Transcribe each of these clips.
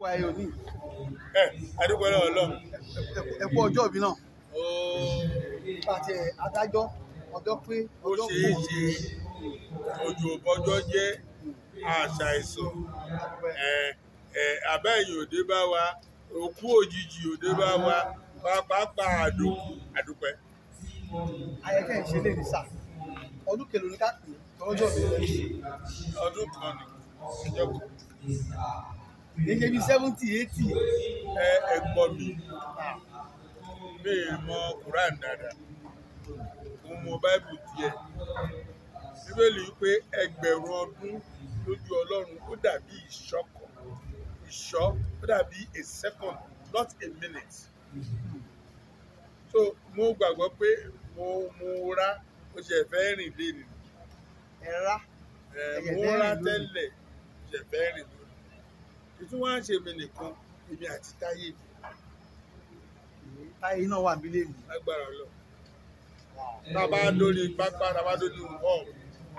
kó ayé òní. ẹ adúgbò náà Ọlọ́run. ẹ kú ọjọ́ òbí náà. pàtẹ adájọ́ ọjọ́ pé ọjọ́ kù. ó ṣeé ṣe ojú ọjọ́ jẹ́ àṣà ìsàn àbẹ́yìn òde bá wa òkú òjijì òde bá wa pàápàá àdúkù àdúpẹ́. ayẹkẹ ìṣe lè ní sà ọdún kẹlò ní ká pè é tọjọ mi. ọdún kan ni ìjọba kì í ṣe bí seventy eighty ẹ ẹ̀gbọ́n mi mi mọ Quran dáadáa mo mọ báìbù díẹ̀ bíbélì pé ẹgbẹ̀rún ọdún lójú Ọlọ́run ó dàbí ìṣọkọ ìṣọ ó dàbí a second not a minute so mo gbàgbọ́ pé mo mo ra ó ṣe fẹ́ rìn lé nìyí ẹ ra ẹ mo ra tẹ́lẹ̀ ó ṣe fẹ́ rìn lé ìtúwọ́n á ṣe mi nìkan èmi àti táyé mi táyé náà wà nílé mi. lágbára lọ tá a bá lórí pápá tá a bá lórí hall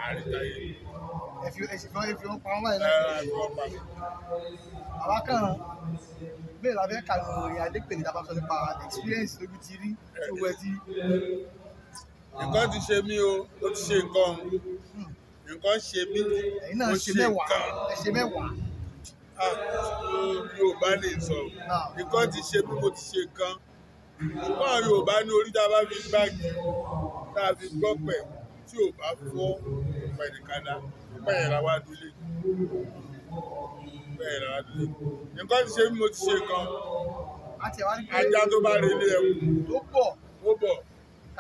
àárín táyé mi. ẹ̀fí ẹ̀sìnfọ́n ẹ̀fí wọn pa wọn báyìí láti ṣe àwa kàn bẹ́ẹ̀ la fẹ́ ka ìròyìn adépèlé tá a bá sọ nípa experience lójú ti rí tí owó ẹ ti. nǹkan ti ṣe mí o ó ti ṣe nǹkan hmm. nǹkan ṣe mí ó ṣe nǹkan. ẹ̀yin náà ṣe mẹ́wàá ẹ ṣe mẹ́wàá. Yorùbá ah, lè sọ nǹkan ti ṣe bí mo ti ṣe kan ṣùgbọ́n àwọn Yorùbá ní orí tá a bá fi gbági tá a fi gbọ́pẹ̀ tí ò bá fọ́ pẹ̀lẹ́kadà bẹ́ẹ̀ ra wá dúlé bẹ́ẹ̀ ra wá dúlé nǹkan ti ṣe bí mo ti ṣe kan ajá tó bá relé ẹ̀wù tó bọ̀ ó bọ̀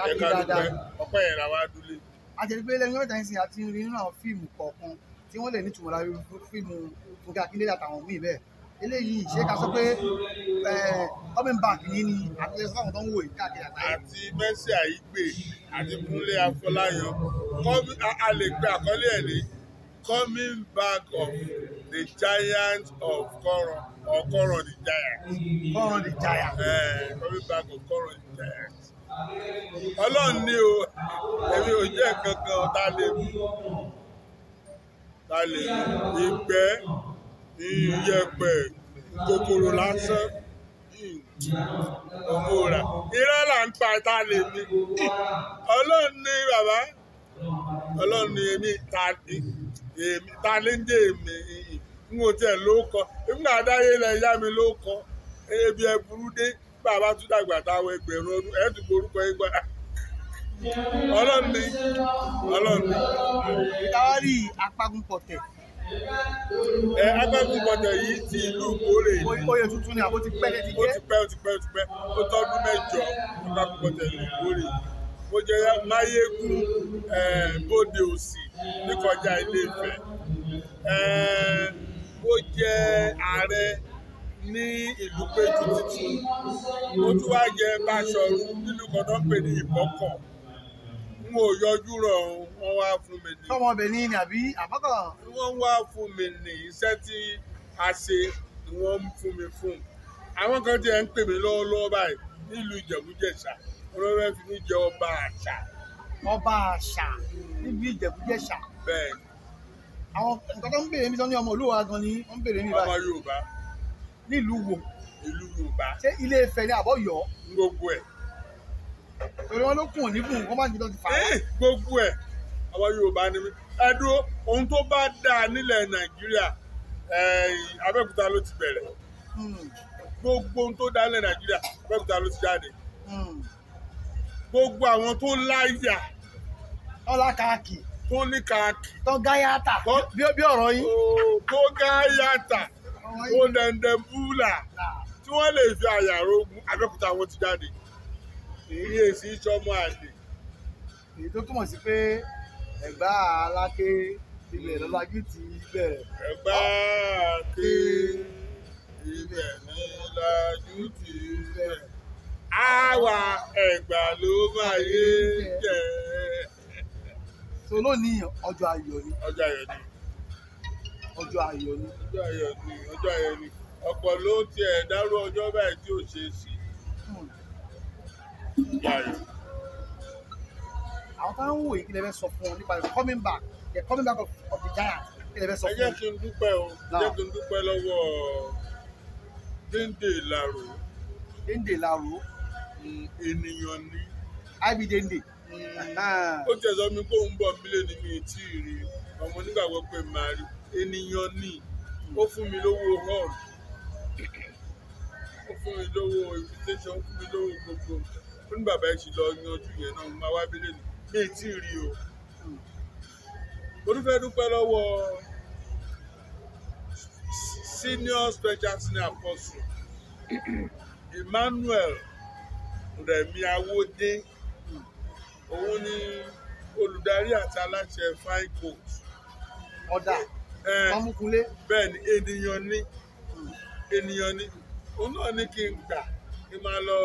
ẹ̀ka dúpẹ́ ọ̀pẹ́ ẹ̀ra wá dúlé. a ti rí pé lẹ́yìn ọ̀tá ìsìn àti rí nínú àwọn fíìmù kọ̀ọ̀kan tí wọ́n lè nítumọ̀ lára fíìmù Fúnkẹ́ Akíndélé àtàwọn míì bẹ́ẹ̀ eléyìí ṣé ká sọ pé coming back yìí ni àtẹ̀sí fáwọn tó ń wò yìí káàkiri àtàwọn. àti Mercy Aigbe àti Kúnlé Afọláyan a lè pe àkọlé ẹ̀ ní coming back of the giant of Koran or Koran the giant. Koran the giant. coming back of Koran the giant. ọlọ́run ni o èmi ò jẹ́ kankan ọ̀tá lè mú. ta ìgbẹ́ ìyẹ̀pẹ̀ kòkòrò lásán ọmọ rà irọ́ là ń pa ta lè mi ọlọ́run bàbá ọlọ́run ní èmi ta ní èmi ta ní ń jẹ́ èmi n ò tiẹ̀ kọ dáyé mi ló kọ ebi ẹ burú dé bàbá tún dàgbà táwọn ẹgbẹ̀rún ọlọ́ni ọlọ́ni. ìtawárí apagunpọ̀tẹ̀. ẹ apagunpọ̀tẹ̀ yìí ti ìlú Ìkórè ni. oyè tuntun ni àbó ti pẹ́ lẹ́ti jẹ́. ó ti pẹ́ ó ti pẹ́ ó ti pẹ́ ó tọ́dún mẹ́jọ apagunpọ̀tẹ̀ ìlú Ìkórè mo jẹ máyégún bóde òsì níkọjá Ilé-Ifẹ̀ mo jẹ ààrẹ ní ìlú péjú títún mo tún wá jẹ Báṣọ̀run nínú kan ní Ìbọ́kọ̀ n ò yọjú rọ wọn wá fún mi ní. tọmọbìnrin ni àbí àbọkọ. wọn wá fún mi ní iṣẹ́ tí a ṣe ni wọn ń fún mi fún àwọn kan tí ẹ ń pè mí lọ́wọ́lọ́wọ́ báyìí nílùú Ìjẹ̀bú-Jẹ̀ṣà olórí fi mí jẹ ọba àṣà. ọba àṣà níbi Ìjẹ̀bú-Jẹ̀ṣà. bẹ́ẹ̀. àwọn nǹkan tó ń béèrè mi sọ ní ọmọ olúwa gan ni wọn ń béèrè mi báyìí. ọmọ Yorùbá. nílùú wo torí wọn ló kùn ní bùn wọn má jùlọ ti fà á. Eh, gbogbo ẹ àwa Yorùbá ni mí ẹ dúró ohun tó bá dáa nílẹ̀ Nàìjíríà eh, Abẹ́òkúta ló ti bẹ̀rẹ̀ hmm. gbogbo ohun tó dáa nílẹ̀ Nàìjíríà Abẹ́òkúta ló ti jáde hmm. gbogbo àwọn tó láyà. tọ́lá káàkì. tó ní káàkì. tó gáyàtà. bí ó bí ọ̀rọ̀ yín. Oh, tó gáyàtà tó dẹ̀ndẹ̀ búlà ah. tí wọ́n lè fi àyàrá ogun Abẹ́òkúta wọn ti jáde èyí èsì ìṣọmọ àdè. èyí tó túmọ̀ sí pé ẹ̀gbá aláké ibẹ̀ lọ́lájú ti bẹ̀rẹ̀. ẹ̀gbá àké ibẹ̀ lọ́lájú ti bẹ̀rẹ̀. àwa ẹ̀gbá ló máa yé jẹ́. so lónìí ọjọ́ ayọ̀ ni. ọjọ́ ayọ̀ ni. ọjọ́ ayọ̀ ni. ọjọ́ ayọ̀ ni ọjọ́ ayọ̀ ni ọ̀pọ̀ ló tiẹ̀ dárú ọjọ́ báyìí tí ò ṣe é sí àwọn táwọn ń wò yìí kí lè fẹ́ sọ fún ọ nípa the coming back the coming back of, of the Giants kí lè fẹ́ sọ fún ọ. ẹ jẹ́ kí n dúpẹ́ o jẹ́ kí n dúpẹ́ lọ́wọ́ Dèndé Láró. Dèndé Láró. Mm, ènìyàn ni. ibi Dèndé. Mm. Ah. ó jẹ́ sọ mi kó ń bọ̀ mílẹ̀ ní mi tí ì rí ọmọ nígbàgbọ́ pé màá rí ènìyàn ni ó fún mi lówó hall ó fún mi lówó invitation ó fún mi lówó gbogbo ó ní bàbá yìí ti lọ yanjú yẹn náà máa wá bílẹ̀ nù mí tí ì rí o mo tún dúpẹ́ lọ́wọ́ senior special senior apostle Emmanuel Rẹ̀mí Awódé òun ni olùdarí àti aláṣẹ fine coat. ọ̀dà ọmọkùnlé. bẹ́ẹ̀ ni ènìyàn ni ènìyàn ni òun náà ní kí n gbà ẹ máa lọ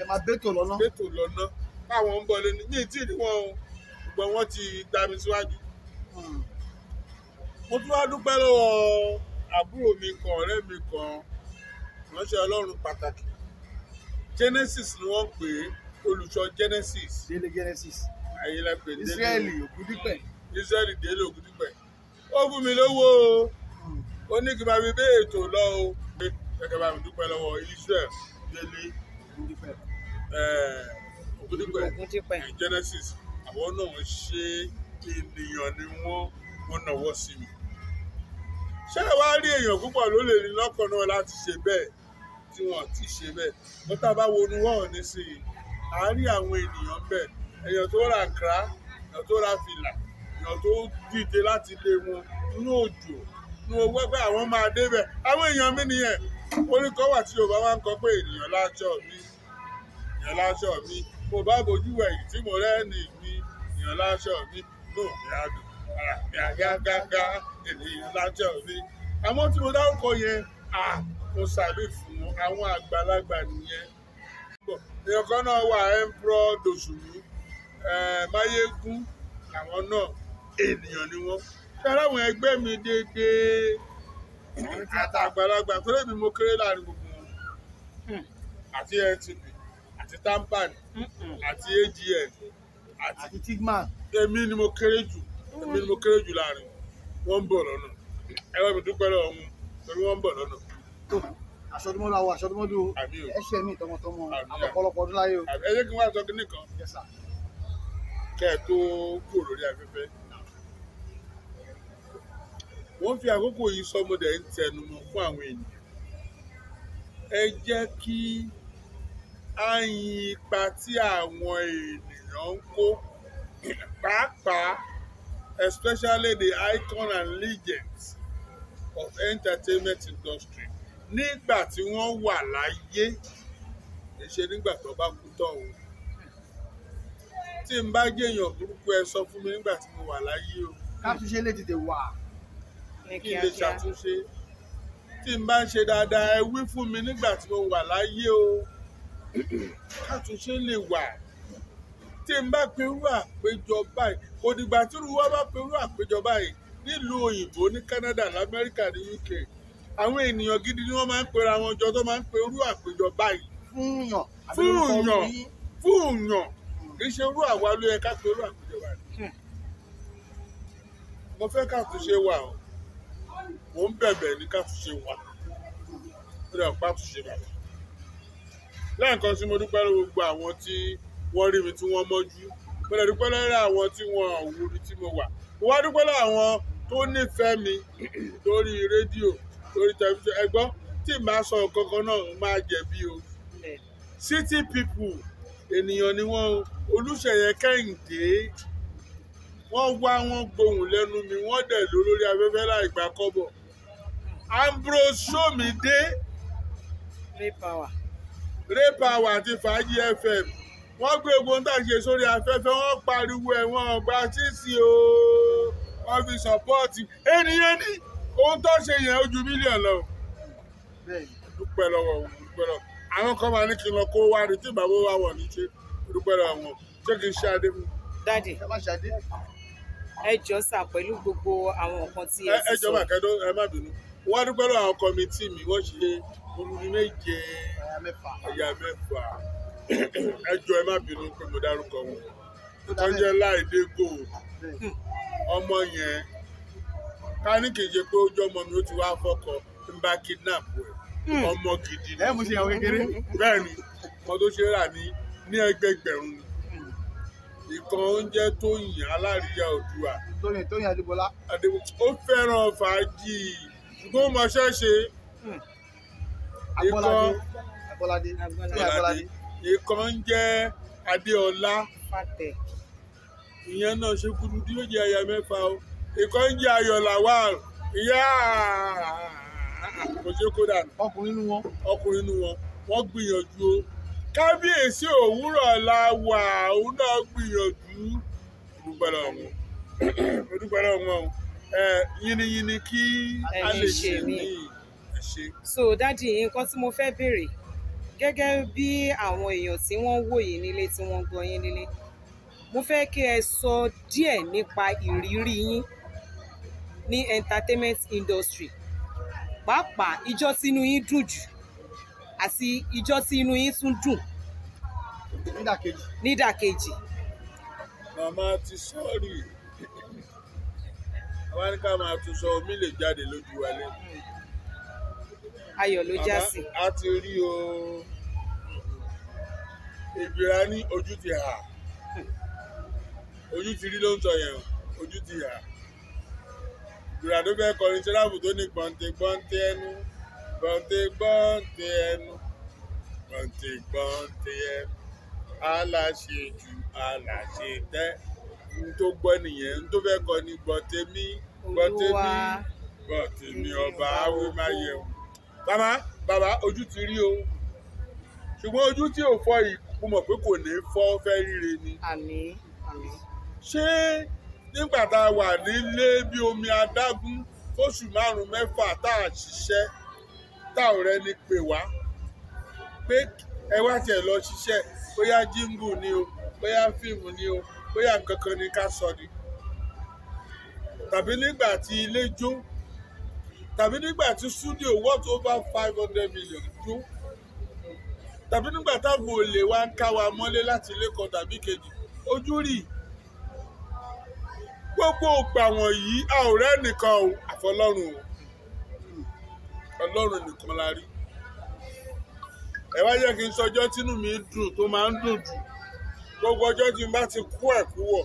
ẹ máa bẹ́tò lọ́nà bẹ́tò lọ́nà báwọn ń bọ̀ lẹ́nu ní ìtì ni wọn o ṣùgbọ́n wọ́n ti dá mi síwájú. Hmm. mo tún wá dúpẹ́ lọ́wọ́ àbúrò mi kan ọ̀rẹ́ mi kan ránṣẹ́ ọlọ́run pàtàkì Genesis ni wọ́n pè é olùṣọ́ Genesis. délé Genesis. ayélujára pé délé Israẹli Ògúndípẹ̀. Israẹli délé ó fún mi lówó o hmm. ó ní kí n máa fi bẹ́ẹ̀ ètò lọ o. gẹ́gẹ́ bá mi dúpẹ́ lọ́wọ́ Israẹli délé ògúndípẹ̀ eh, genesis àwọn náà ṣe ènìyàn ni wọ́n wọ́n náwó sí mi ṣé ẹ wá rí èèyàn púpọ̀ ló lè ní lọ́kàn náà láti ṣe bẹ́ẹ̀ tí wọ́n ti ṣe bẹ́ẹ̀ wọ́n tá a bá wo oníwọ́ọ̀ nísìnyí a rí àwọn ènìyàn bẹ́ẹ̀ èèyàn tó ra àkàrà èèyàn tó ra fìlà èèyàn tó dìde láti lé wọn inú òjò inú owó pé àwọn máa débẹ̀ àwọn èèyàn mi nìyẹn orin kan wà tí Yorùbá máa ń kọ pé ènìyàn láṣọ mi ènìyàn láṣọ mi mo bá bojú ẹ̀yìn tí mo rẹ́ni mi ènìyàn láṣọ mi ló mi àdùn ara mi àgágágá ènìyàn láṣọ mi àmọ́ tí mo dárúkọ yẹn à mo sàbí fún àwọn àgbàlagbà nìyẹn èèyàn kan náà wà emperor dòṣùlù máyégún àwọn náà ènìyàn ni wọ́n ṣe aláwọn ẹgbẹ́ mi déédéé àtàgbàlagbà tó lè mi mo kéré láàrin gbogbo wọn hmm. àti ntp àti tampan hmm. àti agn àti tigman èmi ni mo kéré jù hmm. èmi ni mo kéré jù láàrin wọn ń bọ̀ lọ́nà ẹwà mi dúpẹ́ lọ́wọ́ wọn torí wọ́n ń bọ̀ lọ́nà. aṣọdúnmọ́dún àwọ̀ aṣọdúnmọ́dún o ẹṣẹ́ mi tọmọtọmọ àpọ̀pọ̀lọpọ̀ ọdún láyé o. ẹ jẹ́ kí n wá sọ nìkan kẹ́ ẹ tó kúrò lórí afẹ́fẹ́ wọ́n fi àkókò yìí sọmọdé ń tẹnumọ́ fún àwọn ènìyàn ẹ jẹ́ kí á yin ipa tí àwọn ènìyàn ń kó pàápàá especially the icon and legends of entertainment industry nígbà tí wọ́n wà láyé kì í ṣe nígbà tó bá kú tán o tí n bá jẹ́ èèyàn burúkú ẹ sọ fún mi nígbà tí mo wà láyé o. ká tún ṣe lè tètè wà kí n lè ṣàtúnṣe tí n bá ń ṣe dáadáa ẹ wí fún mi nígbà tí mo wà láyé o kàtúnṣe lè wà tí n bá perú àpéjọ báyìí kò dìgbà tí olùwà bá perú àpéjọ báyìí nílùú òyìnbó ní Canada lamẹ́ríkà ní UK àwọn ènìyàn gidi ni wọ́n máa ń pera wọn jọ tó máa ń perú àpéjọ báyìí fún yàn fún yàn fún yàn kì í ṣe irú àwa ló yẹ ká perú àpéjọ báyìí hmm. mo fẹ́ kàtúnṣe wà o mò ń bẹ̀bẹ̀ ní káàtúnṣe wa lórí ọ̀pá àtúnṣe bàbá lẹ́ẹ̀kan sí mo dúpẹ́ lórí gbogbo àwọn tí wọ́n rí mi tí wọ́n mọ́jú mo lè dúpẹ́ lórí àwọn tí wọ́n wo ibi tí mo wà mo wá dúpẹ́ lórí àwọn tó nífẹ̀ẹ́ mi lórí rédíò lórí tẹlifíṣàn ẹgbọ́n tí màá sọ kankan náà máa jẹ̀bi o city people ènìyàn ni wọ́n olùṣeyẹ kẹ́hìndé wọ́n wá wọn gbohùn lẹ́nu mi wọ́n dẹ̀ ló lórí afẹ́fẹ́ láì gbà kọ́bọ̀ Ambrose Somide Ray Power àti Fàájì FM wọ́n gbé egun tá a ṣe sórí afẹ́fẹ́ wọ́n pariwo ẹ̀wọ̀n ọgbà sísì o wọ́n fi sọ́pọ́ọ̀tì ènìyàn ní ohun tó ṣe yẹn ó ju mílíọ̀n lọ. dúpẹ́ lọ́wọ́ dúpẹ́ lọ́wọ́ àwọn kan máa ní kí n lọ kó wá rí tí bàbá wa wọ̀ ní ṣe dúpẹ́ lọ́wọ́ ṣé kí n ṣe adé fún un. ẹ má ṣe adé ẹ jọ sà pẹ̀lú gbogbo àwọn nǹkan tí ẹ ti sọ. ẹ jọba kẹdọ ẹ má bínú wọn dúpẹ́ lọ́wọ́ àwọn kọ́mítì mi wọ́n ṣe olùdí méje ẹ̀yà mẹ́fà ẹ jọ ẹ má bínú pé mo dárúkọ wọn wọ́n jẹ́ láìdé gold ọmọ yẹn ká ní kì í ṣe pé ojú ọmọ mi ó ti wá fọkọ ń bá kidnap rẹ̀ hmm. ọmọ gidi ni bẹ́ẹ̀ ni tó ṣe rà ní ní ẹgbẹgbẹ̀rún ni ìkan oúnjẹ Tóyìn aláríyá Oòduà. Tóyìn Tóyìn Adébọlá. ó fẹ́ràn fàájì ṣùgbọ́n ó mọṣẹ́ ṣe. ìkan Agbọ́ládé Agbọ́ládé ìkan ń jẹ́ Adéọlá. Fàtẹ̀. ìyẹn náà ṣe kúrú tí ó jẹ́ ẹyẹ mẹ́fà o ìkan ń jẹ́ Ayọ̀ Lawal ìyá kò ṣe kó dànù. ọkùnrin nu wọn. ọkùnrin nu wọn wọ́n gbìyànjú o kábíyèsí òwúrọ̀ la wà òun náà gbìyànjú dúpẹ́lẹ́ ọ̀hún dúpẹ́lẹ́ ọ̀hún ọ̀hún yìnyínní kí a lè ṣe mí. so dádì nǹkan tí mo fẹ́ béèrè gẹ́gẹ́ bí àwọn èèyàn tí wọ́n wò yín nílé tí wọ́n gbọ́ yín nílé mo fẹ́ kí ẹ sọ díẹ̀ nípa ìrírí yín ní entertainment industry pàápàá ìjọ tínú yín dùn jù àti ìjọ tí inú yín tún dùn. nídàkejì. nídàkejì. màmá ti sọ́ọ̀rì àwa ní ká máa tún sọ omi lè jáde lójú wa lẹ́nu. ayọ̀ ló já sí. a ti rí o ìgbéra ní ojú ti hà ojú ti rí ló ń sọ yẹn ojú ti hà ìgbéra tó fẹ́ kọrin sẹ́ráàbù tó ní pọ̀ǹtẹ̀pọ̀ǹtẹ̀ ẹnu gbọ̀ntégbọ̀nté ẹnu gbọ̀ntégbọ̀nté ẹnu aláṣejù aláṣetẹ́ n tó gbọ́ nìyẹn n tó fẹ́ kọ ni gbọ̀ntẹ́mí gbọ̀ntẹ́mí gbọ̀ntẹ́mí ọba awé máa yẹ o. bàbá bàbá ojú ti rí o ṣùgbọ́n ojú tí ò fọ́ yìí mo mọ̀ pé kò ní fọ́ fẹ́ ríre ni. àmín àmín. ṣé nígbà tá a wà nílé bí omi adágún fóṣù márùn-ún mẹ́fà tá a ṣiṣẹ́ tá ò rẹ́ni pè wá pé ẹ wá tiẹ̀ lọ ṣiṣẹ́ bóyá jíngù ni o bóyá fíìmù ni o bóyá nǹkan kan ni ká sọ ni tàbí nígbà tí ilé jó tàbí nígbà tí studio worth over five hundred million jó tàbí nígbà táwọn olè wa ń ká wa mọ́lé láti ilé kan tàbí kejì ojú rì gbogbo ògbà wọ̀nyí a ò rẹ́ nìkan o àfọlọ́run o ọlọ́run nìkan la rí ẹ wá jẹ́ kí n sọjọ́ tínú mi dùn tó máa ń dùn jù gbogbo ọjọ́ tí n bá ti kú ẹ̀kú wọ̀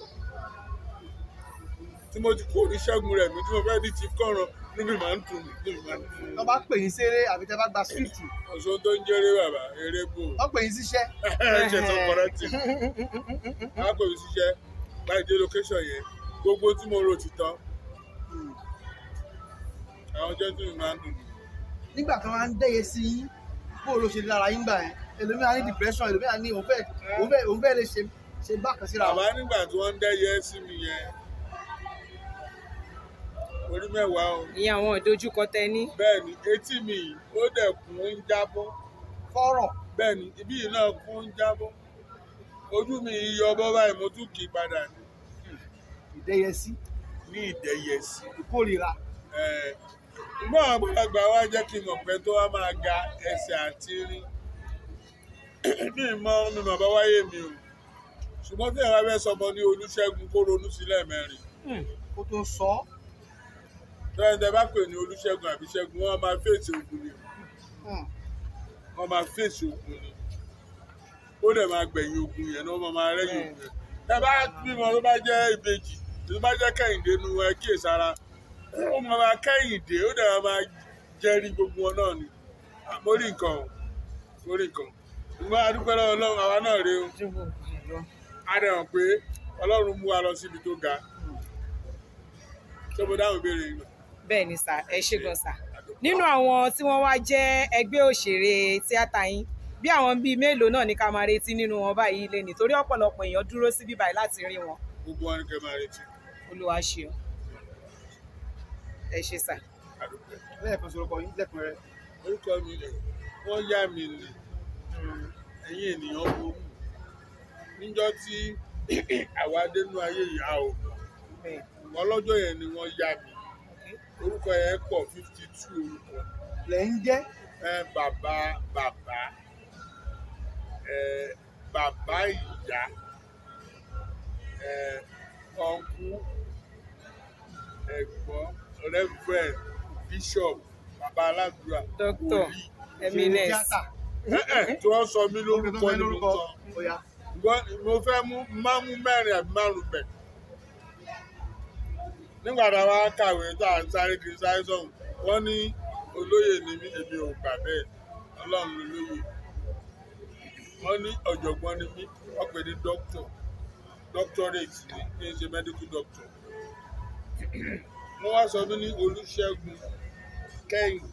tí mo ti kú oníṣègùn rẹ̀ mi tí mo fẹ́ di chief kọ́ran inú mi máa ń dùn mí inú bá pè yín séré àbí tẹ́ bá gba swift. ọ̀ṣun tó ń jẹ́rẹ́ bàbá eré bò. wọ́n pè yín síṣẹ́. ṣe tó kọ́rẹ́ tì wọ́n pè mí síṣẹ́ láì dé location yẹn gbogbo tí mo rò ti tán. Hmm. àwọn ọjọ́ tí mi máa ń dùn mí nígbà kan máa ń dẹ́yẹ sí yín bó o ló ṣe lára yín gbà yẹn ẹlòmíràn ní depression ẹlòmíràn ní òun fẹ́ òun fẹ́ lè ṣe ṣe bákan síra. àmọ́ nígbà tí wọ́n ń dẹ́yẹ sí mi yẹn orí mẹ́wàá o. ìyẹn àwọn ìdojúkọ tẹ ní. bẹ́ẹ̀ni etí mi ó dẹ̀ kún ń jábọ́. fọ́rọ̀. bẹ́ẹ̀ni ibi yìí náà kún ń jábọ́ ojú mi yọ bọ́ báyìí mo tún kì í padà ní. ìdẹ́yẹsí. ní ìdẹ́yẹsí. ìkórìíra. ẹẹ ṣùgbọ́n àwọn àgbàlagbà wa jẹ́ kí n ọ̀pẹ tó wá máa ga ẹsẹ̀ àti rí ní ìmọ̀ mi bàbá wáyé mi o ṣùgbọ́n tí ìyàwó abẹ́ sọmọ ní Olúṣẹ́gun kó ronú sí lẹ́ẹ̀mẹ́rin. Hmm, kó tó sọ. tẹ́lẹ̀ bá pè ní Olúṣẹ́gun àbí Ṣẹ́gun wọ́n máa fèsì ogun ni hmm. wọ́n máa fèsì ogun ni ó dẹ̀ máa gbẹ̀yìn ogun yẹn náà wọ́n máa rẹ́yìn ogun yẹn. tẹ́ bá bímọ tó bá jẹ́ ìbejì tó bá jẹ́ Kẹ́hìndé nu ẹ kíyèsára ó máa máa kẹ́yìn dé ó dàgbà máa jẹ́rí gbogbo wọn náà ni mórí nǹkan o mórí nǹkan ìgbà adúpẹ́ lọ́wọ́ ọlọ́run àwa náà rèé o a dẹ̀ hàn pé ọlọ́run mú wa lọ síbi tó ga ṣé mo dáhùn ìbéèrè yìí. bẹ́ẹ̀ ni sà ẹ ṣe gan sà nínú àwọn tí wọ́n wá jẹ́ ẹgbẹ́ òṣèré tíátà yín bí àwọn bíi mélòó náà ní ká máa retí nínú wọn báyìí lé nítorí ọ̀pọ̀lọpọ̀ èèyàn dúró síbí báyìí láti rí wọn. gbogbo wọn ni kẹ́ máa retí. olúwa ṣeun ẹ ṣe sà. lẹ́ẹ̀kan sọ̀rọ̀kọ yín lẹ́kùn rẹ. orúkọ mi lè wọ́n yá mi lè hmm, ẹ̀yìn ènìyàn wo níjọ́ tí àwa dénú ayé ìyá o ọlọ́jọ́ yẹn ni wọ́n yá mi orúkọ yẹn pọ̀ fifty two orúkọ. lẹ́ ń jẹ́. ẹ bàbá bàbá bàbá ìyá ẹ ẹ̀gbọ́n reverend bishop baba aládùúrà eminence tí wọ́n sọ mí lórúkọ ni mo sọ mo fẹ́ máa mú mẹ́rin àbí márùn bẹ̀ nígbà tá a wá kàwé tá a sáré kiri sáré sọ̀hún wọ́n ní olóyè ni mí èmi ò gbà bẹ́ẹ̀ ọlọ́run lolóyè wọ́n ní ọ̀jọ̀gbọ́n ni mí wọ́n ní doctor doctorate ní kí ṣe medical doctor wọ́n wá sọ mí ní Olúṣẹ́gun Kẹ́hìndé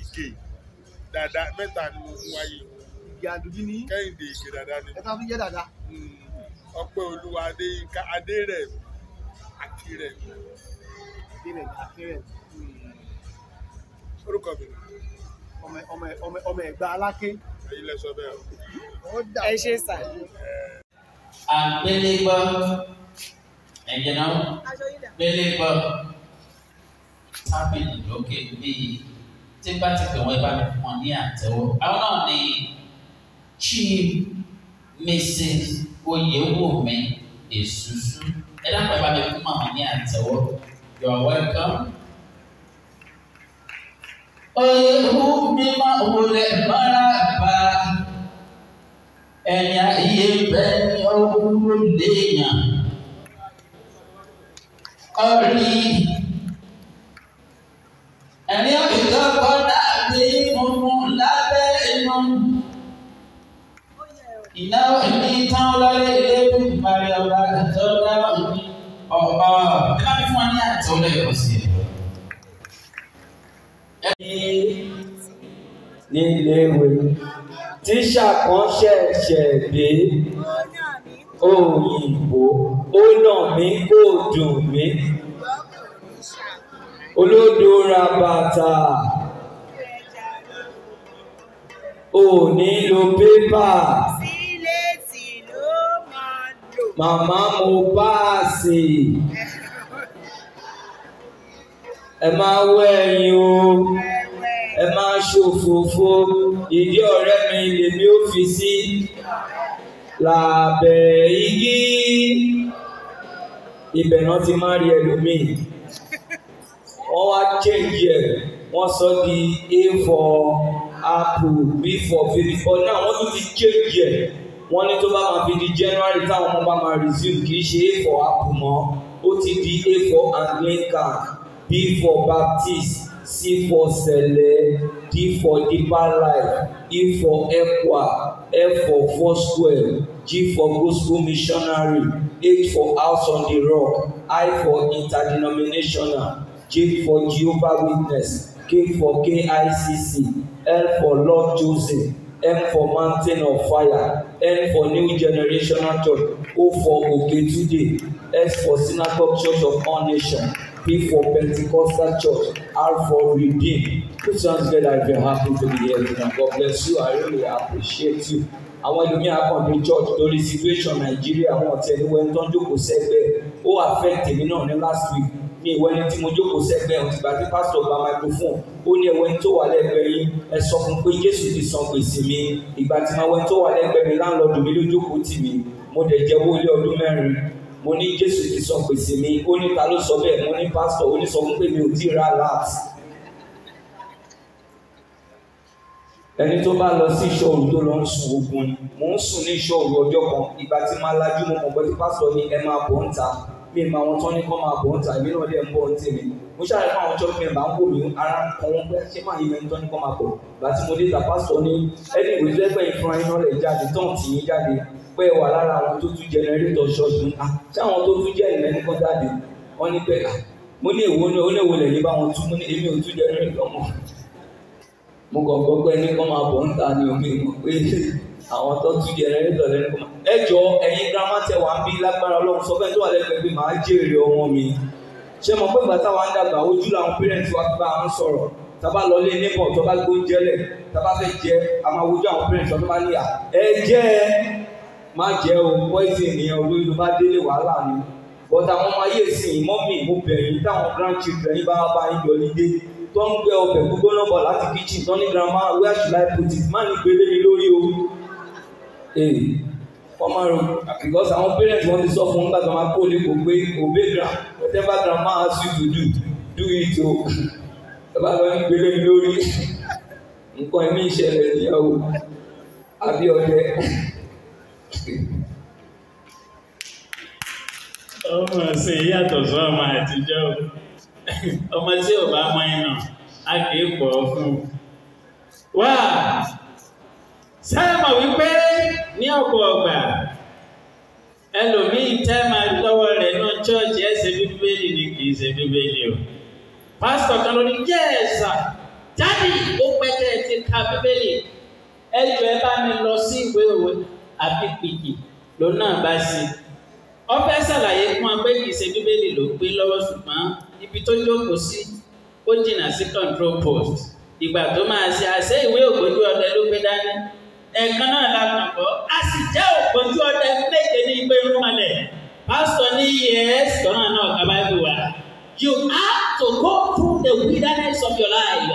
Ìgè dàda mẹ́ta ni mo fún wáyé Ìgè àdúgbò ní Kẹ́hìndé ni ẹ̀ka tó jẹ́ dàda. Hmm, Ọpẹ́ Olúwa Adéyínká Adérẹ̀mí hmm, Orúkọ mi ọmọ ẹgbà aláké. èyí lẹ sọ o. ẹ ṣe sà. àgbélébá. And you know, believer, tapping lókè bíi tí bá ti pè wọ́n bá mi fún wọn ní àtẹ́wọ́. Àwọn náà ni Chief Mrs. Oyewumi Esusu. Ẹ dápẹ́ bá mi fún màmá ní àtẹ́wọ́. You are welcome. Oyewumi máa wọlé mọ́ra bá ẹ̀yà iye bẹ́ẹ̀ ni ó wúlò léèyàn. قبلي ẹni àbíkọ́ gbọ́dọ̀ àti funfun lábẹ́ inú ìnáwó ní táwọn lọ́lẹ́ ilé ìwé ìparí ọba tó dáhùn ní ọ̀pá ẹ bá mi fún wa ní àtọ́lẹ̀ ọ̀sẹ̀. ní ilé ìwé tíṣà kan ṣẹ̀ṣẹ̀ dé òyìnbó ó nà mí kó dùn mí olódo ra bàtà òní lo pépà màmá mo páàsì ẹ máa wẹ ẹyin o ẹ máa ṣòfófó ìdí ọ̀rẹ́ mi lèmi ò fi sí lábẹ́ igi ibẹ̀ náà ti máa rí ẹlòmíì wọ́n wá change ẹ̀ wọ́n sọ di a for apple b for baby for now wọ́n tún ti change ẹ̀ wọ́n ní tó bá máa fi di January táwọn ọmọ bá máa resume kì í ṣe a for apple mọ́ ó ti di a for Anglican b for Baptist c for sẹ̀lẹ̀ d for deeper life e for equa F for Foursquare, G for Gospel Missionary, H for House on the Rock, I for Interdenominational, J for Jehovah Witness, K for KICC, L for Lord Joseph, M for Mountain of Fire, N for New Generational Church, O for Oketude, S for Synagogue Church of All Nations. Be for Pentecostal Church, R for Redeem. Put your hands together if you're happy to be here tonight. God bless you. I really appreciate you. Àwọn ẹlòmíràn kàn ní church lórí situation Nàìjíríà wọn ti ẹni wẹ́n tó ń jókòó sẹ́gbẹ́. Ó affect èmi náà ní last week. Mi ìwé ẹni tí mo jókòó sẹ́gbẹ́ ọ̀hún ti gbà tí pásítọ̀ gba microphone. Ó ní ẹwẹ́ tó wà lẹ́gbẹ̀ẹ́ yín. Ẹ sọ fún pé Jésù ti san gbèsè mi. Ìgbà tí mo ẹwẹ́ tó wà lẹ́gbẹ̀ẹ́ mi láńlọ́ọ̀dù mi ló jókòó tì mí. Mo dẹ̀ jẹ́wọ́ ilé ọdún mẹ́rin mo ní jésù ti sọ pèsè mi ó ní ta ló sọ bẹ́ẹ̀ mo ní pásítọ̀ ó ní sọ fún pé mi ò tí ì ra láàt. ẹni tó bá lọ sí ìṣòro tó lọ ń sùn ogun ni mò ń sùn ní ìṣòro ọjọ́ kan ìgbà tí máa lajú mo mọ̀ pé tí pásítọ̀ ni ẹ máa bọ̀ ń ta mi ma wọn tán ní kọ́ máa bọ̀ ń ta èmi náà dẹ̀ ń bọ̀ ń tèmi mo ṣàlàyé fún àwọn church member ń wò mí ara ń kọ́ wọn pé ṣé máa yí mẹ́ni ní kọ́ máa bọ̀ gbà mo dé ta pásítọ̀ ní ẹni ìwé lẹ́gbẹ̀ẹ́ ìfúnra iná rẹ̀ jáde tán tì í jáde pé wà lára àwọn tó tún jẹnẹrétọ̀ ṣọ́ọ̀ṣì ní à sáwọn tó tún jẹ́ ìrìn nìkan jáde wọ́n ní bẹ́ẹ̀ mo ní èwo ní oléwo lè ní báwọn tún mo ní èmi ò tún jẹnẹrétọ̀ mọ́ mo kàn gbọ́ pé ní kọ́ máa bọ̀ ń ta ni omi mọ̀ pé àwọn tó tún jẹnẹrétọ̀ lẹ́nu kọ́ ẹ jọ ẹ̀yin girama tẹ wà ń bí lágbára ọlọ́run sọ fẹ́ẹ́ tó wà lẹ́gbẹ̀ẹ́ pé màá jèrè ọmọ mi ṣé mo pé ìgbà táwọn ń dàgbà ojú làwọn pẹ́rẹ́ǹtì wa bá ń sọ̀rọ̀ taba lọlé nípọ̀ tó bá gbóúnjẹ lẹ̀ taba fẹ́ jẹ àwọn àwùjọ àwọn pẹ́rẹ́ǹtì wa tó bá níyà ẹ jẹ́ ẹ má jẹ́ o poison ni olóyún ló bá délé wàhálà ni bọ́tà àwọn ọmọ ayé ìsìn mọ́mì mo bẹ̀rẹ̀ ní táwọn grandchildren yín bá wá bá yín lọlé dé tó ń gbé ọbẹ̀ gbígbóná bọ̀ láti kitchen tó ní grandma where should I put it má ní gbélé mi lórí o eh, wọ́n máa rò because àwọn parents wọ́n ti sọ fún un gbàgbọ́ máa kó lè kó pé obey gram whatever grandma ask you to do do it o bàbá lọ ní gbélé mi lórí nǹkan ẹ̀mí ìṣẹ̀lẹ̀ ìyàwó àbí ọ̀dẹ́ ọmọ ṣe yàtọ̀ sí ọmọ àtijọ́ ọmọ tí ò bá mọ iná a kìí pọ̀ fún wà sẹ́mọ̀ wípé ní ọ̀pọ̀ ọgbà ẹlòmíì tẹ́ máa lọ́wọ́ rẹ̀ náà chọ́ọ̀chì ẹsẹ̀ bíbélì ni kìí ṣe bíbélì o pásítọ̀ kan ló ní yẹ́ẹ̀sà jáde ó pẹ́kẹ́ ti ka bíbélì ẹjọ́ ẹ bá mi lọ sí ìwé òwe àfipìkì ló náà bá sí i. ó fẹ́ ṣàlàyé fún wa pé kì í ṣe bíbélì ló gbé lọ́wọ́ ṣùgbọ́n ibi tó jókòó sí ó jìnnà sí control post ìgbà tó máa ṣe àṣẹ ìwé ògbójú ọdẹ ló gbé dání ẹ̀ẹ̀kan náà la kàn bọ́ a sì jẹ́ ògbójú ọdẹ méje ní ìgbé rúmọlẹ̀ pásítọ̀ ní yes tọ́nà náà kábàáyé wa you have to go through the wilderness of your life.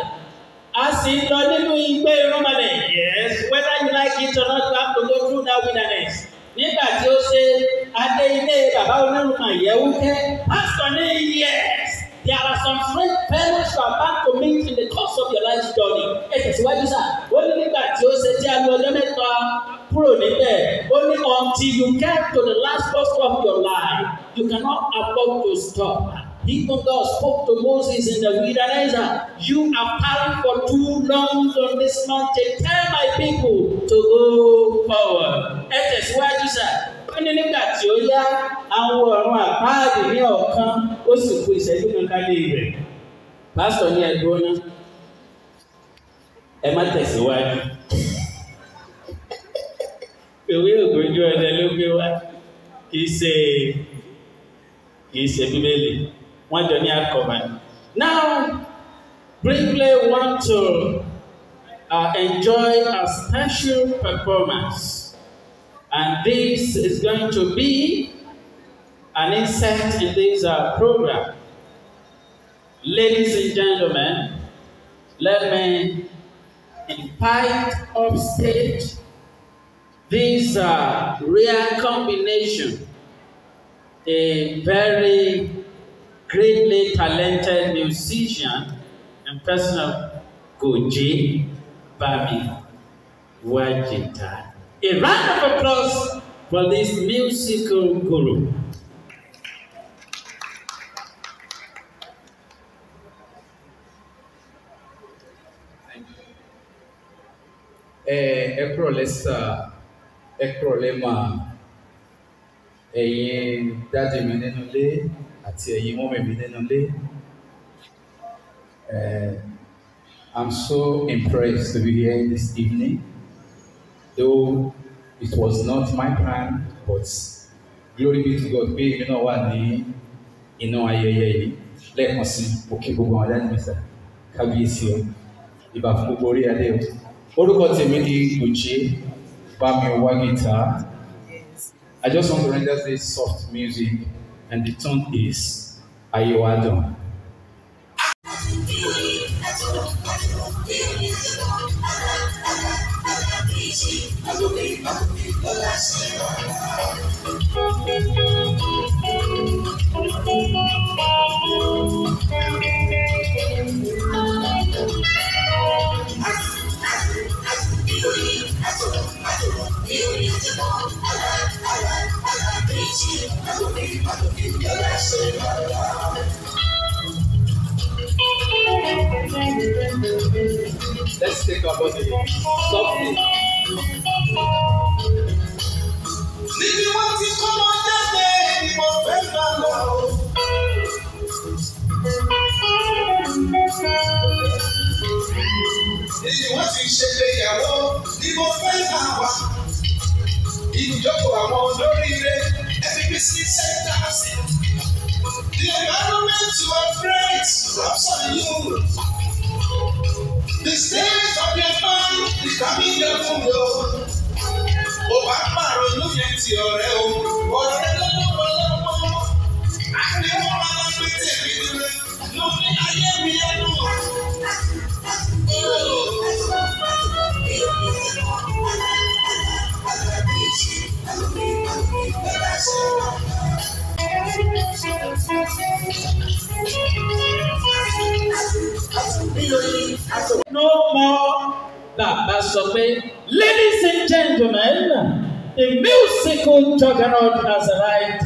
As in ń lọ nínú igbó irúnmalẹ̀ yes whether you like it or not you have to go through that wilderness nígbà tí ó ṣe adé ilé bàbá onírúkọ àyẹ̀wò kẹ́ pásítọ̀ ní yes there are some great parents who are back to meet in the course of your life journey. ẹ tẹ̀síwájú sá ó ní nígbà tí ó ṣe tí a lo ọjọ́ mẹ́ta kúrò níbẹ̀ ó ní until you get to the last post of your life you cannot afford to stop. Even God spoke to Moses in the wilderness, You are parked for too long on this mountain. Tell my people to go forward. Ẹ tẹ̀síwájú sá. Ó ní nígbà tí ó yá, àwọn ọ̀run àpáàdì ní ọ̀kan, ó sì kú ìṣẹ́jú kan kálé rẹ̀. Pásítọ̀ ní ẹ̀gbọ́n náà. Ẹ má tẹ̀síwájú. Ìwé ògbójú ọdẹ ló gbé wá. Kì í ṣe kì í ṣe Bíbélì wọ́n jọ ní covenant. Now, briefly want to uh, enjoy a special performance. And this is going to be an insert in this uh, program. Ladies and gentlemen, let me invite up stage this uh, rare combination, a very greatly talented musician and personal Goji Babi Wajita. A round of applause for this musical guru. ẹ kúrò lẹ́sà ẹ kúrò lẹ́mà ẹ̀yin dáàdì mi nínú ilé àti ẹ̀yin wọ́n mẹ̀mí nínú ilé. Eh, I'm so impressed to be here this evening, though it was not my plan, but glory be to God pé èmi náà wà ní iná ayẹyẹ yìí lẹ́ẹ̀kan sí òkè gbogbo àwọn adájọ́ mẹ́ta kábíyèsí o ìbà fún gbogbo orí adé o. Orúkọ tèmi ni Gòjé Bámiwá Gìtá. I just want to render this soft music. and the tune is Ayiwadun. The environment you are afraid wraps on you. The state of your mind is coming down from you. Ó bá pààrọ̀ inú yẹn ti ọ̀rẹ́ o, ọ̀rẹ́ ló ló wọ lọ́wọ́. A ní wọ́n máa lọ pé tèmi nílé, ló ní ayé mi ẹnu. Thank you. No more bàbá sọ pé ladies and gentlemen the musical juggernaut has arrived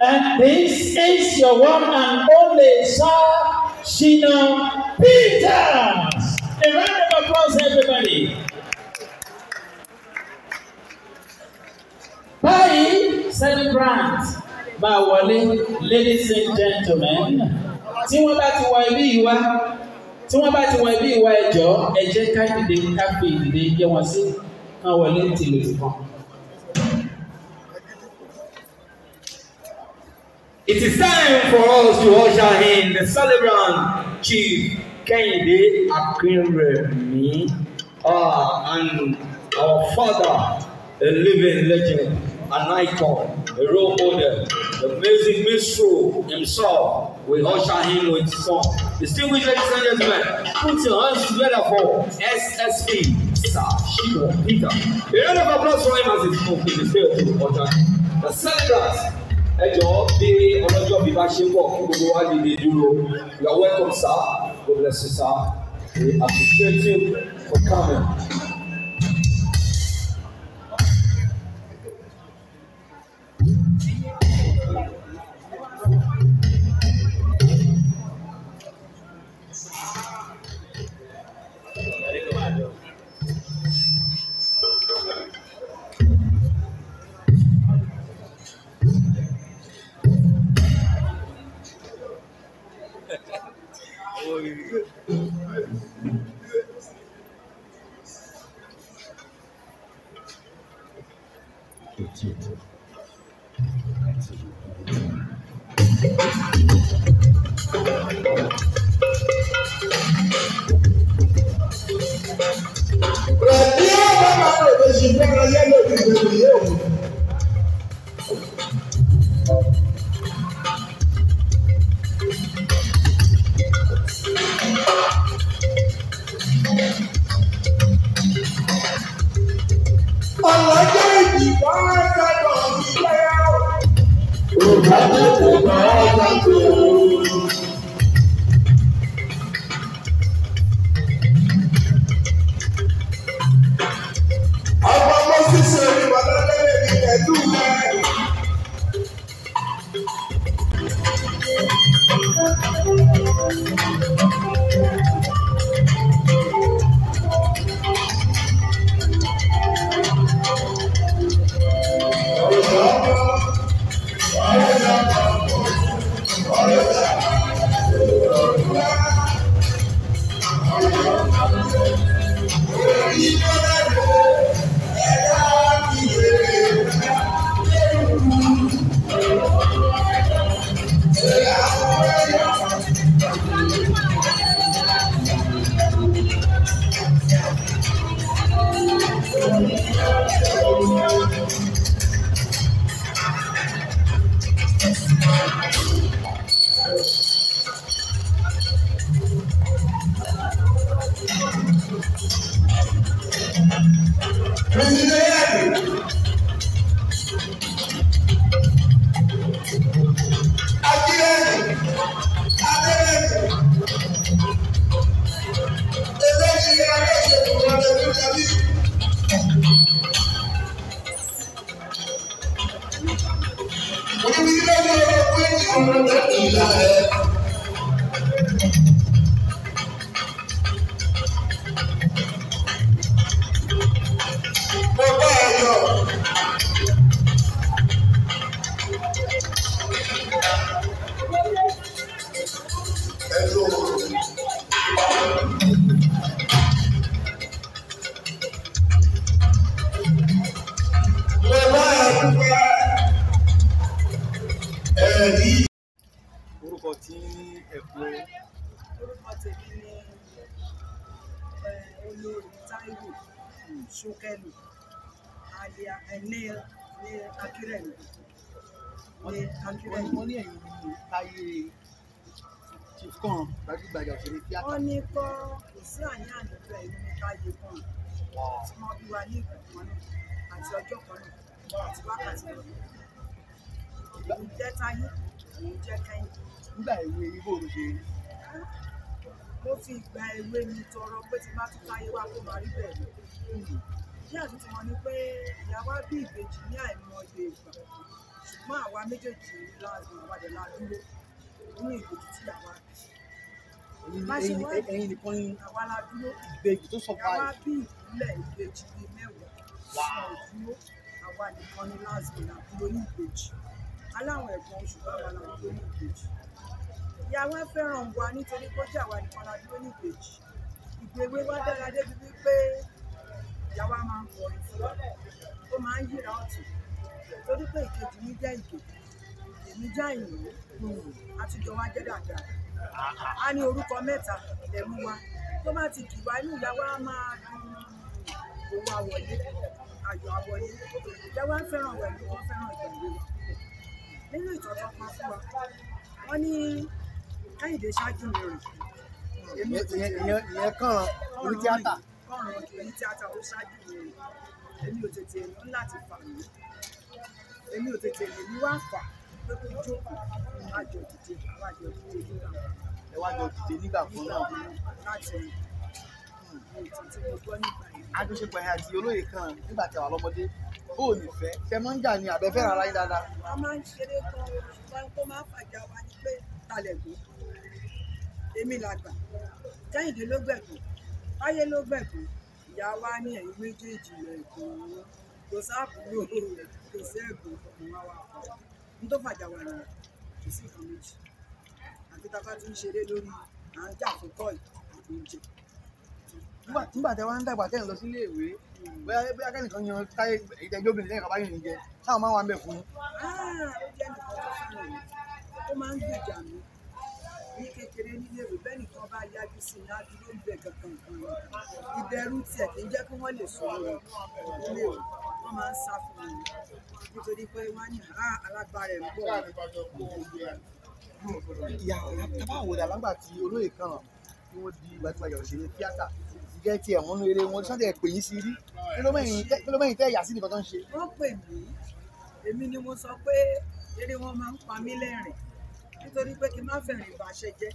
and this is your one and only star, Shina Peters. A round of applause everybody. báyìí celebrant máa wọlé ladies and gentlemen tí wọ́n bá ti wọ ibi ìwá tí wọ́n bá ti wọ ibi ìwá ẹ̀jọ́ ẹ jẹ́ ká dìde ká fi ìdìde yẹ wọn sí kan wọlé tìlù kan. It is time for us to usher in the celebrant Chief Kehinde Akinremi, uh, and our father, a living legend an icon, a role model, the amazing minstrel himself. We usher him with song. Distinguished ladies and gentlemen, put your hands together for SSP, Sir Shimon Peter. A round of applause for him as he spoke in the to the water. The celebrants, ẹ jọ̀ọ́ bí ọlọ́jọ́ bí bá ṣe ń bọ̀ kí gbogbo wa lè dúró. You are welcome, sir. God bless you, sir. We appreciate you for coming. ní ẹ̀yìn táyé chief kan gbajúgbajà òṣèré tíátà. wọ́n ní kọ́ kò sí àní àníbẹ̀ ìlú táyé kan tí wọ́n bí wa ní ìgbìmọ̀ náà àti ọjọ́ kan náà àti wákàtí kan náà òun jẹ́ táyé òun jẹ́ kẹ́yìn. nígbà èwe ibo ló ṣe mo fi ìgbà èwe mi tọrọ pé tí bá tún táyé wá kó máa rí bẹ́ẹ̀ lọ. Hmm. ní àtúntò wọn ni pé ìyá wa bí ìbejì ní àìmọye ìgbà ṣùgbọ́n àwa méjèèjì láàbò ìwádìí la dúró nínú ìgbòkì tí àwa bí ẹ̀yin nìkan ni àwa la dúró ìbejì tó sọ báyìí àwa bí ìpínlẹ̀ ìbejì bíi mẹ́wàá dúró àwa nìkan ni láàbò la dúró ní ìbejì aláwọn ẹ̀gbọ́n ṣùgbọ́n àwa la dúró ní ìbejì ìyá wa fẹ́ràn wa nítorí kó jẹ́ àwa nìkan la dúró ní ìbejì ìgbéwé wa dára débi wípé ìyá wa máa ń kọrin fún wa ó máa ń yíra ọ̀tún torí ìkejì mi jẹ́ ìgò èmi jẹ́ ìwò àtijọ́ wa jẹ́ dáadáa a ní orúkọ mẹ́ta lẹ́mú wa tó bá ti kì wá inú ìyá wa máa dùn òun àwọ̀lé ayọ̀ àwọ̀lé ìyá wa fẹ́ràn wẹ̀ ló wọ́n fẹ́ràn ìgbàgbé wa nínú ìtọ́jọ́ pa fún wa wọ́n ní Kẹ́hìndé ṣáájú mi rìn ìyẹn kàn orí tíátà kàn orí tíátà ó ṣáájú mi rìn èmi ò tètè ní láti fà mí èmi ò tètè lè ní wá fà pé kó jókòó àjọ dìde àwọn àjọ dìde nígbà ẹ wá jọ dìde nígbà kan náà láti hmm, àjọṣepọ̀ ẹ̀ àti olóyè kan nígbà tí a wà lọ́mọdé ó ní fẹ́ fẹ́ máa ń jà ní àbẹ́ fẹ́ràn ara yín dáadáa. a máa ń ṣeré kan ṣùgbọ́n kó máa fàjà wa ni pé talẹ̀ gbó èmi làgbà kẹ́hìndé ló gbẹ̀kùn táyé ló gbẹ̀kùn ìyá wa ní ẹ̀yìn méjèèjì rẹ̀ kò sáàpù lóore rẹ̀ kò sí ẹ̀gbọ́n kankan wá wá pa wá ní tó fàjà wà nìyẹn kò sí nǹkan méjì àti tá a bá ti ń ṣeré lórí à ń jà fún tọ́ì àti oúnjẹ. nígbà tẹ wá ń dàgbà tẹ̀ ń lọ sílé ìwé bóyá bóyá kẹ́nìkan yan táyé ìtẹ́jú obìnrin lẹ́yìn kaba yìnyín jẹ táwọn máa ń wà ń bẹ̀ fún. Ah, ó máa ń gbìjà mi ní kékeré nílé ìwé bẹ́ẹ̀ nìkan bá yájú sí i láti ló ń bẹ̀ kankan ìbẹ̀rù tiẹ̀ kì í jẹ́ kí wọ́n lè sọ̀rọ̀ nílé ìwé wọ́n máa ń sá fún mi nítorí pé wọ́n á ní ah, alágbára ẹ̀ ń bọ̀ ìyá tábà wò dà lágbà tí olóyè kan tí wọ́n di gbajúgbajà òṣèré tíátà ìjẹ́ tiẹ̀ wọ́n nu eré wọn sọ́dẹ̀ pè yín sí rí kí tẹ́ ìyá sí nìkan tó ń ṣe. wọ́n pè mí èmi ni mo sọ pé eré wọn máa ń pa mí lẹ́rìn nítorí pé kí n má fẹ̀rìn ìbáṣẹ jẹ́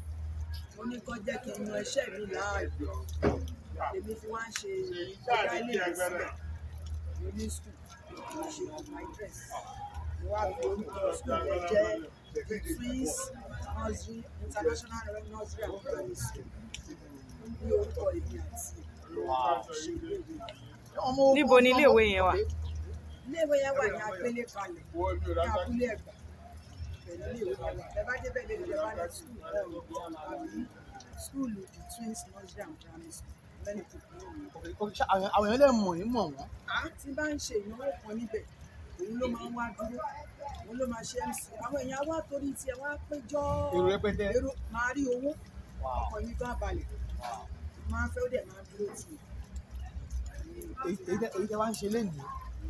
mo ní kó jẹ́ kí n yan iṣẹ́ mi láàyò èmi fi wá ń ṣe ìgbéga ilé sílẹ̀ ní sùn mo ṣe maitres mo wá fi orúkọ international nursery and primary school ní orúkọ èmi àti níbo ni iléèwé yẹn wà. iléèwé yẹn wà ní abẹ́lé balẹ̀ ní abúlé ẹ̀gbá pẹ̀lú iléèwé wa ẹ débẹ̀ lè lè wá skul ọ̀hún àbí skul the twins nursery and primary school àwọn èèyàn lè mọ̀ yín mọ̀ wọ́n. a ti bá ń ṣe ìnáwó kan níbẹ̀ òun ló máa ń wá dúró òun ló máa ṣe mc àwọn èèyàn wá torí tiẹ̀ wá péjọ èrò rẹpẹtẹ èrò máa rí owó ọkọ̀ yín bá balẹ̀ máa fẹ́ ó dẹ̀ máa dúró tì í. èyí tẹ wá ń ṣe lénìí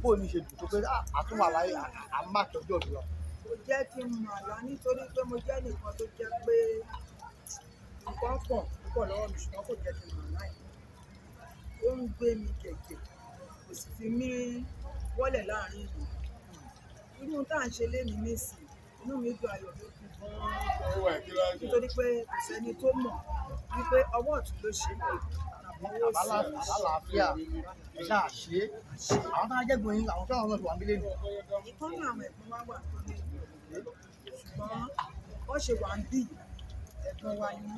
bó o ní ṣe dùn tó pé àtúnwò ah, àlàyé àmàtọ́jú ọ̀dọ́ lọ. jẹ́ kí n mọ̀ lọ nítorí pé mo jẹ́ nìkan tó jẹ́ pé nǹkan pọ̀ púpọ̀ lọ́wọ́ mi ó ń gbé mi gẹ̀gẹ̀ kò sì fi mí wọ́lẹ̀ láàrin ìlú irú tá à ń ṣe lémi nísìn inú mi dùn ayọ̀ ló kún gan-an nítorí pé kò sẹ́ni tó mọ̀ wípé ọwọ́ ọ̀tún ló ṣe é àlàáfíà ẹ ṣáà ṣe é àwọn táwọn jẹgbọn yín àwọn táwọn ọmọ ìwà ń bílẹ nù. ìkan náà àwọn ẹ̀gbọ́n wa wà tó ní ṣùgbọ́n wọ́n ṣe wà ń bì ẹ̀gbọ́n wa ni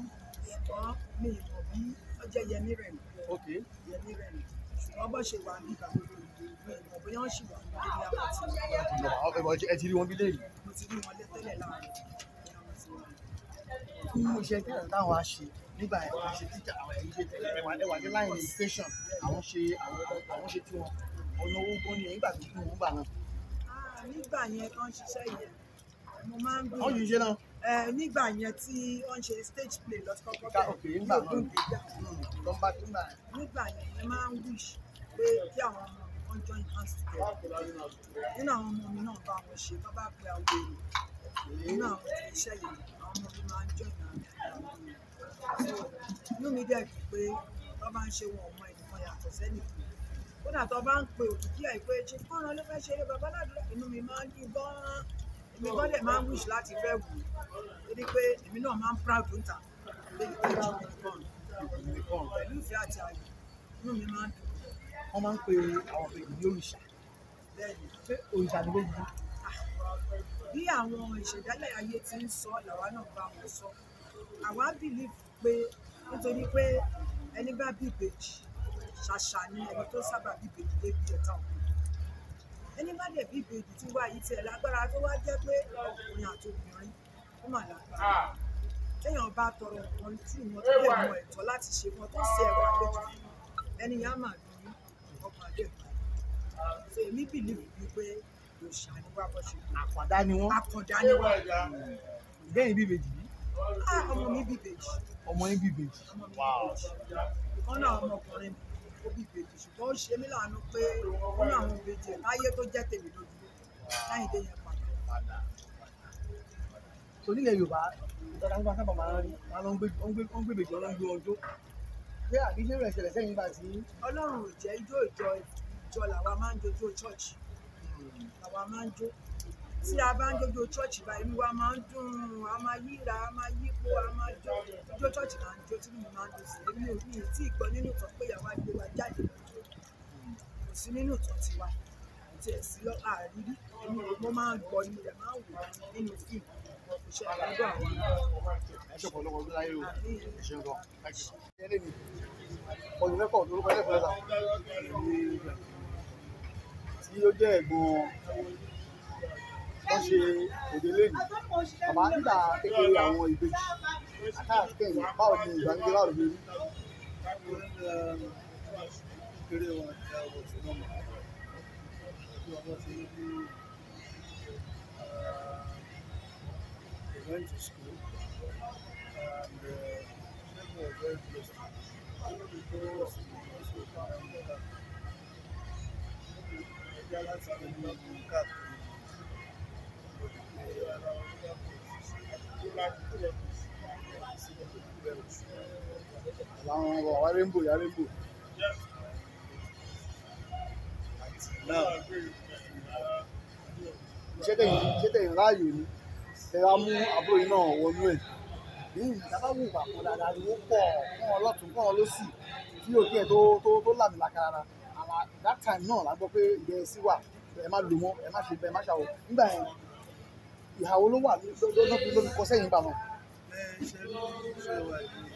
ṣùgbọ́n mi ò bí ọjọ́ yẹmí rẹ̀ mọ́ yẹmí rẹ ni ṣùgbọ́n bó ṣe wà nígbà gbogbo ìdè ìmọ̀ bóyá ń ṣì wà ní ilé àwọn àti ìlú. ẹ ti rí wọn bí léèrè. mo ti rí wọn lẹ́tẹ̀lẹ̀ láàrin fún iṣẹ́ tẹ̀lé táwọn á ṣe nígbà ẹ̀ka ṣe tíjà àwọn ẹ̀yìn ṣe tẹ̀lé ẹ̀wà ẹ̀wà ní láyìn education àwọn ṣe àwọn ṣe tí wọn ọ̀nà owó gbọ́n ni ah, nígbà tó kún un gbà yẹn tó ṣiṣẹ́ yẹn mo máa ń gbìyànjú nígbà yẹn tí wọ́n ṣe stage play lọ́sọ̀kọ́ bẹ́ẹ̀ ní ògùn gbígbà nígbà yẹn ẹ máa ń wish pé kí àwọn ọmọ mi wọ́n join hands together nínú àwọn ọmọ mi náà bá wọn ṣe bá bá pe àwọn èrò nínú àwọn tí iṣẹ́ yìí àwọn ọmọ mi máa ń join hands together inú mi dẹ̀ dùn pé wọ́n bá ń ṣe wọn ọmọ ẹnìkan yàtọ̀ sẹ́nìkan kódà tó bá ń pe òkìkí àìpé ṣe kọ́ran ló fẹ́ ṣeré babaláàdúrà inú mi máa ń dùn gan èmi gan dẹ̀ máa ń wish láti fẹ́ wù ú torí pé èmi náà máa ń proud ń ta lórí kejì unicorn unicorn pẹ̀lú ìfẹ́ àti ayọ̀ inú mi máa ń dùn. wọ́n máa ń pe àwọn èèyàn ní òrìṣà pé òrìṣà ni gbogbo. Ah, bí àwọn ìṣẹ̀dálẹ̀ ayé ti ń sọ làwa náà bá wọn sọ àwa believe pé nítorí pé ẹni bá bí ìbejì ṣàṣà ni ẹni tó sábà bí ìbejì débi ẹ̀ta òkú ẹni má dẹ̀ bí ìbejì tí wá yìí tiẹ̀ lágbára tó wá jẹ́ pé ọkùnrin àti obìnrin ó mà lágbára ah. téèyàn bá tọrọ nǹkan tí wọn tó lè mọ ẹ̀tọ́ láti ṣe wọn tó ṣe ẹ̀rọ àpéjọ ẹni yá mà lóyún ọkọ̀ àdéhùn ṣe èmi bìlíìfù wípé òòṣà ni wá bọ́ ṣe kú. àkàndá ni wọ́n àkàndá ni wọ́n. ìgbẹ́yìn bíbejì yìí. Ah, ọmọ mi bíbejì. ọmọ yín bíbejì. ọmọ mi bíbejì. ọ̀nà ọmọkùnrin mi ó bí ìbejì ṣùgbọ́n ó ṣe mí láàánú pé ó ní àwọn ìbejì ẹ̀ láyé tó jẹ́ tèmi lójú láyìn dé yẹn padà. torí ilẹ̀ Yorùbá ìjọba ń bá sábà máa ń rí máa lọ ń gbé ìbejì ọlọ́run gbé ọjọ́ pé àbíṣe rẹ̀ ṣẹlẹ̀ sẹ́yìn gbà tí. Ọlọ́run ò jẹ́ ijó ìjọ ìjọ làwa máa ń jojú chọ́ọ̀chì làwa máa ń jó tí a bá ń jójó chọ́ọ̀chì báyìí inú wa máa ń dùn a máa yíra a máa yípo a máa jó ijó chọ́ọ̀chì máa ń jó tí mo máa ń dùn sí èmi ò ní tí ì nínú ìtàn pé ìyàwó àgbẹ̀ wa jáde lọ́jọ́ kò sí nínú ìtàn tiwa àti ẹ̀sìn lọ àrírí èmi ò mo máa ń gbọ́ ni mo máa ń wò nínú fíìmù iṣẹ́ àgbàdo àwọn olùkẹ́kọ̀ọ́ lórúkọ ẹlẹ́fẹ̀ẹ́ ta tí ó jẹ́ ẹ̀gbọ́n wọ́n ṣe òde lẹ́yìn bàbá nígbà kékeré àwọn ìbejì àkáàtì báwo ni ìgbàlódé báwo lè rí. They làwọn ọmọ wa rainbow ya rainbow. iṣẹ́ tẹ̀yìn iṣẹ́ tẹ̀yìn láàyò ni tẹ̀ra mú àbúrò yìí náà wọnú ẹ̀ yìí ìjábá wù bà kan dáadáa ni ó pọ̀ fún ọlọ́tún fún ọlọ́sì tí yóò ẹ̀ tó làmì lákàrà àmà that time náà la gbọ́ pé ìgbẹ́ sí wà ẹ má lò mọ́ ẹ má ṣe bẹ́ẹ̀ má ṣàwọ̀ nígbà yẹn ìhàwó ló wà lọ́dún ló fi sẹ́yìn bá ẹ ṣe ló ṣe wà ní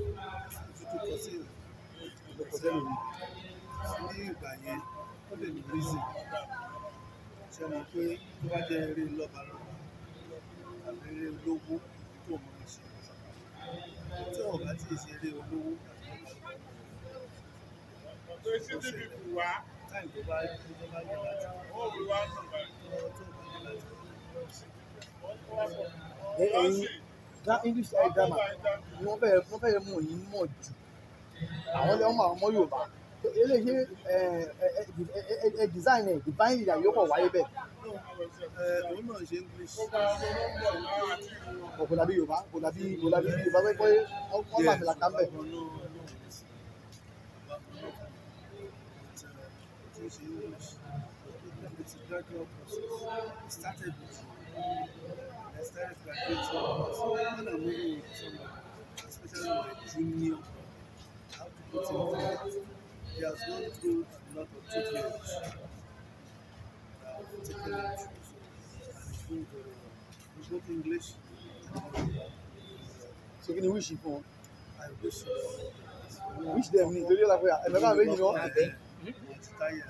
tuntun kọ sí ìdókòtẹ́lù mi ní ìgbà yẹn ó lè ní rízì ṣe mọ̀ pé tó bá jẹ́ eré lọ́ba lọ́ba tàbí eré olówó tó mọ̀ ní ṣe tí ò bá tíì ṣe eré olówó tó ṣe lè táì tó bá yẹ láti tó bá yẹ láti tó bá yẹ láti. English high grammar ni wọ́n fẹ́ẹ́ wọ́n fẹ́ẹ́ mọ̀ yín mọ̀ jù àwọn lè ọmọ àwọn ọmọ Yorùbá eléyìí ẹ design ẹ divine leader yóò kọ̀ wáyé bẹ́ẹ̀. òun náà ṣe English. kò làbí Yorùbá kò làbí kò làbí Yorùbá pé pé wọ́n bá mi là kán bẹ̀. It's a gradual process. It started with So when We spoke you wish for? I wish for. Wish them. Nítorí ọ̀la pé ẹ̀mẹ́fà méjì ni wọ́n. Wọ́n ti táyà.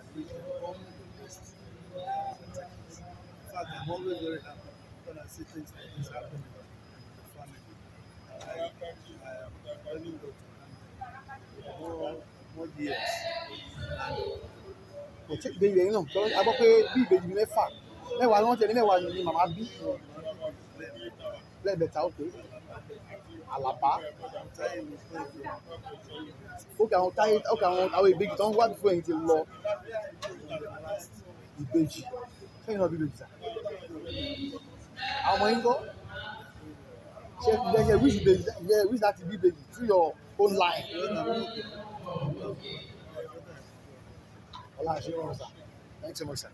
Wọ́n mú the I'm always very happy happen and see things like this happening in the family. I, I am planning to more, more years. kò tí ìbejì rẹ̀ náà tọ́ a gbọ́ pé bí ìbejì mi mẹ́fà mẹ́wàá ni wọ́n tẹ̀lé mẹ́wàá ni màmá bí lẹ́ẹ̀mẹ́ta ó pé àlàbá ókè àwọn táyé ókè àwọn àwọn ìbejì tó ń wá bífọ̀ yìí ti lọ ìbejì sẹ́yìn náà bí ìbejì sá àwọn yín gbọ́ ṣe yẹ wish baby yẹ wish that be baby through your own life. ọlá àṣírí ọ̀rọ̀ sà thanks so much sir.